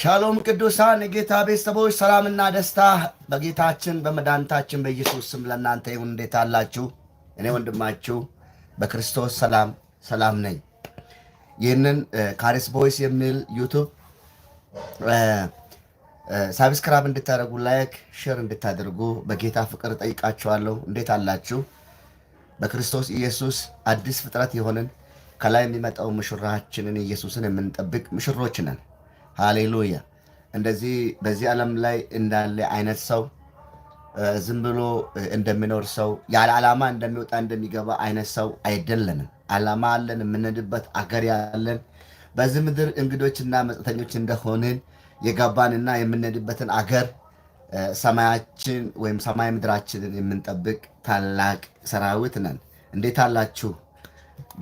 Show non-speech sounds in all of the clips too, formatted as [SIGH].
ሻሎም ቅዱሳን የጌታ ቤተሰቦች ሰላምና ደስታ በጌታችን በመድኃኒታችን በኢየሱስ ስም ለእናንተ ይሁን። እንዴት አላችሁ? እኔ ወንድማችሁ በክርስቶስ ሰላም ሰላም ነኝ። ይህንን ካሪስ ቦይስ የሚል ዩቱብ ሳብስክራብ እንድታደርጉ፣ ላይክ ሼር እንድታደርጉ በጌታ ፍቅር ጠይቃችኋለሁ። እንዴት አላችሁ? በክርስቶስ ኢየሱስ አዲስ ፍጥረት የሆንን ከላይ የሚመጣው ሙሽራችንን ኢየሱስን የምንጠብቅ ምሽሮች ነን። ሃሌሉያ። እንደዚህ በዚህ ዓለም ላይ እንዳለ አይነት ሰው ዝም ብሎ እንደሚኖር ሰው ያለ ዓላማ እንደሚወጣ እንደሚገባ አይነት ሰው አይደለንም። ዓላማ አለን። የምንሄድበት አገር ያለን በዚህ ምድር እንግዶችና መጽተኞች እንደሆንን የገባንና የምንሄድበትን አገር ሰማያችን ወይም ሰማይ ምድራችንን የምንጠብቅ ታላቅ ሰራዊት ነን። እንዴት አላችሁ?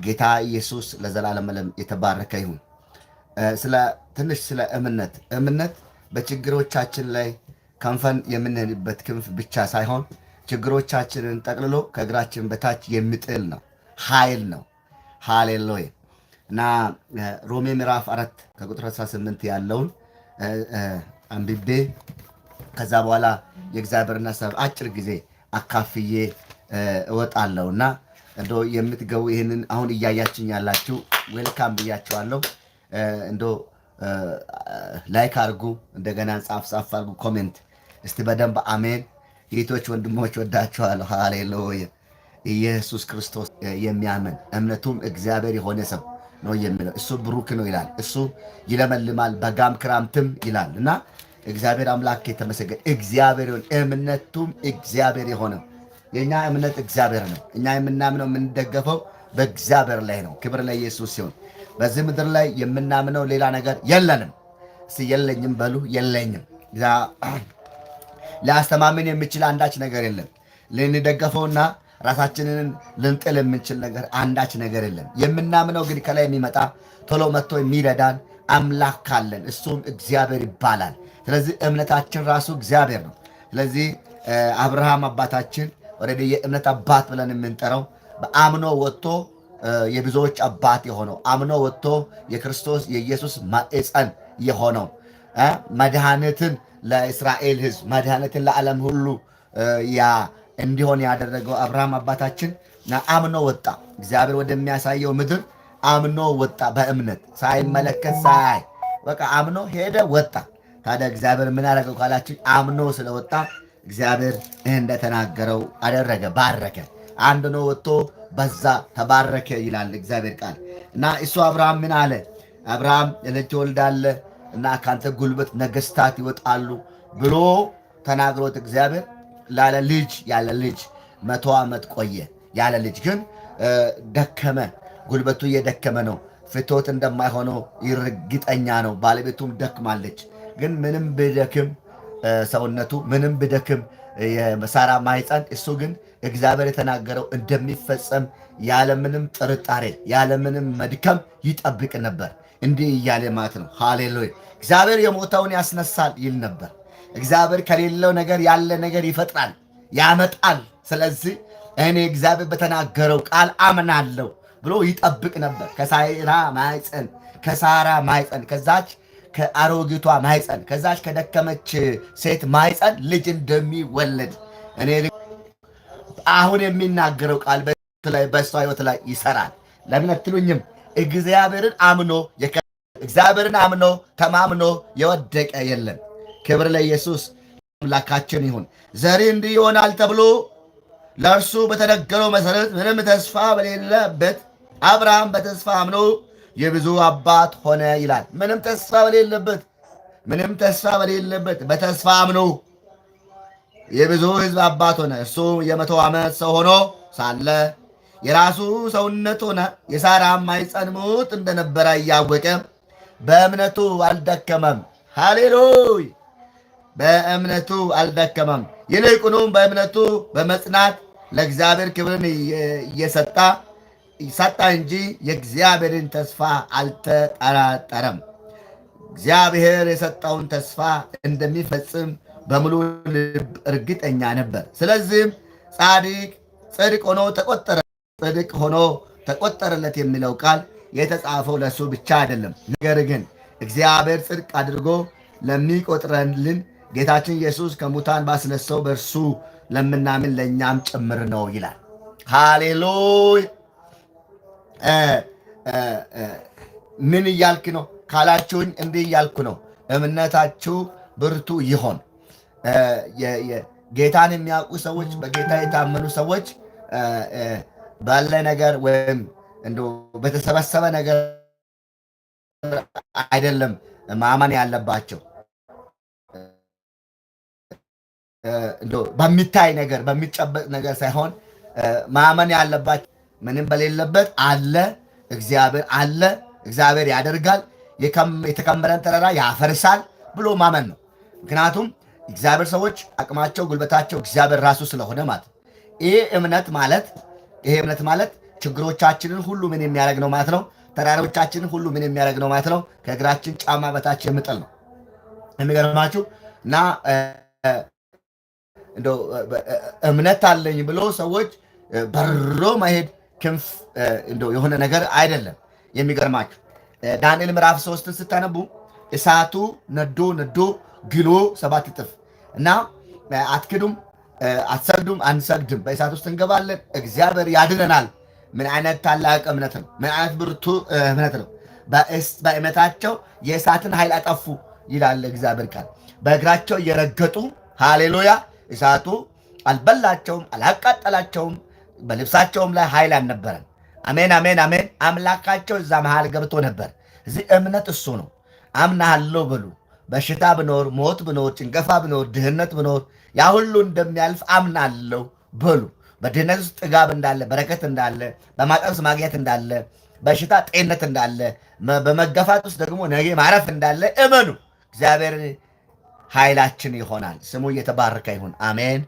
ጌታ ኢየሱስ ለዘላለም የተባረከ ይሁን። ትንሽ ስለ እምነት እምነት በችግሮቻችን ላይ ከንፈን የምንሄድበት ክንፍ ብቻ ሳይሆን ችግሮቻችንን ጠቅልሎ ከእግራችን በታች የሚጥል ነው፣ ኃይል ነው። ሃሌሉያ እና ሮሜ ምዕራፍ አራት ከቁጥር 18 ያለውን አንብቤ ከዛ በኋላ የእግዚአብሔርን ሀሳብ አጭር ጊዜ አካፍዬ እወጣለሁ እና እንደ የምትገቡ ይህንን አሁን እያያችኝ ያላችሁ ዌልካም ብያችኋለሁ። እንዶ ላይክ አርጉ፣ እንደገና ጻፍ ጻፍ አርጉ፣ ኮሜንት እስቲ በደንብ አሜን። ጌቶች ወንድሞች ወዳችኋለሁ። ሃሌሉያ። ኢየሱስ ክርስቶስ የሚያምን እምነቱም እግዚአብሔር የሆነ ሰው ነው የሚለው እሱ ብሩክ ነው ይላል። እሱ ይለመልማል በጋም ክራምትም ይላል እና እግዚአብሔር አምላክ የተመሰገነ እግዚአብሔር ይሁን። እምነቱም እግዚአብሔር የሆነው የእኛ እምነት እግዚአብሔር ነው። እኛ የምናምነው የምንደገፈው በእግዚአብሔር ላይ ነው። ክብር ለኢየሱስ ሲሆን በዚህ ምድር ላይ የምናምነው ሌላ ነገር የለንም። እስ የለኝም በሉ የለኝም። [CLEARS THROAT] ሊያስተማምን የሚችል አንዳች ነገር የለም። ልንደገፈውና ራሳችንን ልንጥል የምንችል ነገር አንዳች ነገር የለም። የምናምነው ግን ከላይ የሚመጣ ቶሎ መጥቶ የሚረዳን አምላክ ካለን እሱም እግዚአብሔር ይባላል። ስለዚህ እምነታችን ራሱ እግዚአብሔር ነው። ስለዚህ አብርሃም አባታችን ወደ የእምነት አባት ብለን የምንጠራው በአምኖ ወጥቶ የብዙዎች አባት የሆነው አምኖ ወጥቶ የክርስቶስ የኢየሱስ ማዕፀን የሆነው መድኃኒትን ለእስራኤል ሕዝብ መድኃኒትን ለዓለም ሁሉ ያ እንዲሆን ያደረገው አብርሃም አባታችን አምኖ ወጣ። እግዚአብሔር ወደሚያሳየው ምድር አምኖ ወጣ። በእምነት ሳይመለከት ሳያይ በቃ አምኖ ሄደ ወጣ። ታዲያ እግዚአብሔር ምን ያደረገው ካላችን አምኖ ስለወጣ እግዚአብሔር እንደተናገረው አደረገ፣ ባረከ። አንድ ነው ወጥቶ በዛ ተባረከ ይላል እግዚአብሔር ቃል እና እሱ አብርሃም ምን አለ? አብርሃም ልጅ ወልዳለ እና ከአንተ ጉልበት ነገስታት ይወጣሉ ብሎ ተናግሮት እግዚአብሔር ላለ ልጅ ያለ ልጅ መቶ ዓመት ቆየ። ያለ ልጅ ግን ደከመ፣ ጉልበቱ እየደከመ ነው። ፍቶት እንደማይሆነው ይርግጠኛ ነው። ባለቤቱም ደክማለች። ግን ምንም ብደክም ሰውነቱ ምንም ብደክም የመሳራ ማይፀን እሱ ግን እግዚአብሔር የተናገረው እንደሚፈጸም ያለምንም ጥርጣሬ ያለምንም መድከም ይጠብቅ ነበር። እንዲህ እያለ ማለት ነው። ሃሌሉያ! እግዚአብሔር የሞተውን ያስነሳል ይል ነበር። እግዚአብሔር ከሌለው ነገር ያለ ነገር ይፈጥራል፣ ያመጣል። ስለዚህ እኔ እግዚአብሔር በተናገረው ቃል አምናለሁ ብሎ ይጠብቅ ነበር። ከሳይራ ማይፀን ከሳራ ማይፀን ከዛች ከአሮጊቷ ማይፀን ከዛች ከደከመች ሴት ማይፀን ልጅ እንደሚወለድ እኔ አሁን የሚናገረው ቃል በእሷ ህይወት ላይ ይሰራል። ለምን አትሉኝም? እግዚአብሔርን አምኖ እግዚአብሔርን አምኖ ተማምኖ የወደቀ የለም። ክብር ለኢየሱስ አምላካችን ይሁን። ዘሬ እንዲህ ይሆናል ተብሎ ለእርሱ በተነገረው መሰረት ምንም ተስፋ በሌለበት አብርሃም በተስፋ አምኖ የብዙ አባት ሆነ ይላል። ምንም ተስፋ በሌለበት ምንም ተስፋ በሌለበት በተስፋ አምኖ የብዙ ሕዝብ አባት ሆነ። እርሱ የመቶ ዓመት ሰው ሆኖ ሳለ የራሱ ሰውነት ሆነ። የሳራ ማኅፀን ምውት እንደነበረ እያወቀ በእምነቱ አልደከመም። ሃሌሉይ! በእምነቱ አልደከመም። ይልቁኑም በእምነቱ በመጽናት ለእግዚአብሔር ክብርን እየሰጣ ሰጣ እንጂ የእግዚአብሔርን ተስፋ አልተጠራጠረም። እግዚአብሔር የሰጠውን ተስፋ እንደሚፈጽም በሙሉ ልብ እርግጠኛ ነበር። ስለዚህም ጻድቅ ጽድቅ ሆኖ ተቆጠረ። ጽድቅ ሆኖ ተቆጠረለት የሚለው ቃል የተጻፈው ለእሱ ብቻ አይደለም። ነገር ግን እግዚአብሔር ጽድቅ አድርጎ ለሚቆጥረልን ጌታችን ኢየሱስ ከሙታን ባስነሳው በእርሱ ለምናምን ለእኛም ጭምር ነው ይላል። ሃሌሉይ። ምን እያልክ ነው ካላችሁኝ፣ እንዲህ እያልኩ ነው። እምነታችሁ ብርቱ ይሆን ጌታን የሚያውቁ ሰዎች፣ በጌታ የታመኑ ሰዎች ባለ ነገር ወይም እንደ በተሰበሰበ ነገር አይደለም ማመን ያለባቸው በሚታይ ነገር በሚጨበጥ ነገር ሳይሆን ማመን ያለባቸው ምንም በሌለበት አለ እግዚአብሔር አለ እግዚአብሔር ያደርጋል የተከመረን ተራራ ያፈርሳል ብሎ ማመን ነው። ምክንያቱም እግዚአብሔር ሰዎች አቅማቸው ጉልበታቸው እግዚአብሔር ራሱ ስለሆነ ማለት ይሄ እምነት ማለት ይሄ እምነት ማለት ችግሮቻችንን ሁሉ ምን የሚያደርግ ነው ማለት ነው። ተራሮቻችንን ሁሉ ምን የሚያደርግ ነው ማለት ነው። ከእግራችን ጫማ በታች የምጥል ነው። የሚገርማችሁ እና እንደው እምነት አለኝ ብሎ ሰዎች በሮ መሄድ ክንፍ እንደው የሆነ ነገር አይደለም። የሚገርማችሁ ዳንኤል ምዕራፍ ሶስትን ስታነቡ እሳቱ ነዶ ነዶ ግሎ ሰባት እጥፍ እና አትክዱም አትሰግዱም አንሰግድም፣ በእሳት ውስጥ እንገባለን፣ እግዚአብሔር ያድነናል። ምን አይነት ታላቅ እምነት ነው! ምን አይነት ብርቱ እምነት ነው! በእምነታቸው የእሳትን ኃይል አጠፉ ይላል እግዚአብሔር ቃል። በእግራቸው እየረገጡ ሃሌሉያ፣ እሳቱ አልበላቸውም፣ አላቃጠላቸውም። በልብሳቸውም ላይ ኃይል አልነበረም። አሜን፣ አሜን፣ አሜን። አምላካቸው እዛ መሃል ገብቶ ነበር። እዚህ እምነት እሱ ነው። አምናሃለሁ በሉ በሽታ ብኖር፣ ሞት ብኖር፣ ጭንገፋ ብኖር፣ ድህነት ብኖር ያ ሁሉ እንደሚያልፍ አምናለሁ በሉ። በድህነት ውስጥ ጥጋብ እንዳለ፣ በረከት እንዳለ፣ በማጠብስ ማግኘት እንዳለ፣ በሽታ ጤነት እንዳለ፣ በመገፋት ውስጥ ደግሞ ነገ ማረፍ እንዳለ እመኑ። እግዚአብሔር ኃይላችን ይሆናል። ስሙ እየተባረከ ይሁን። አሜን።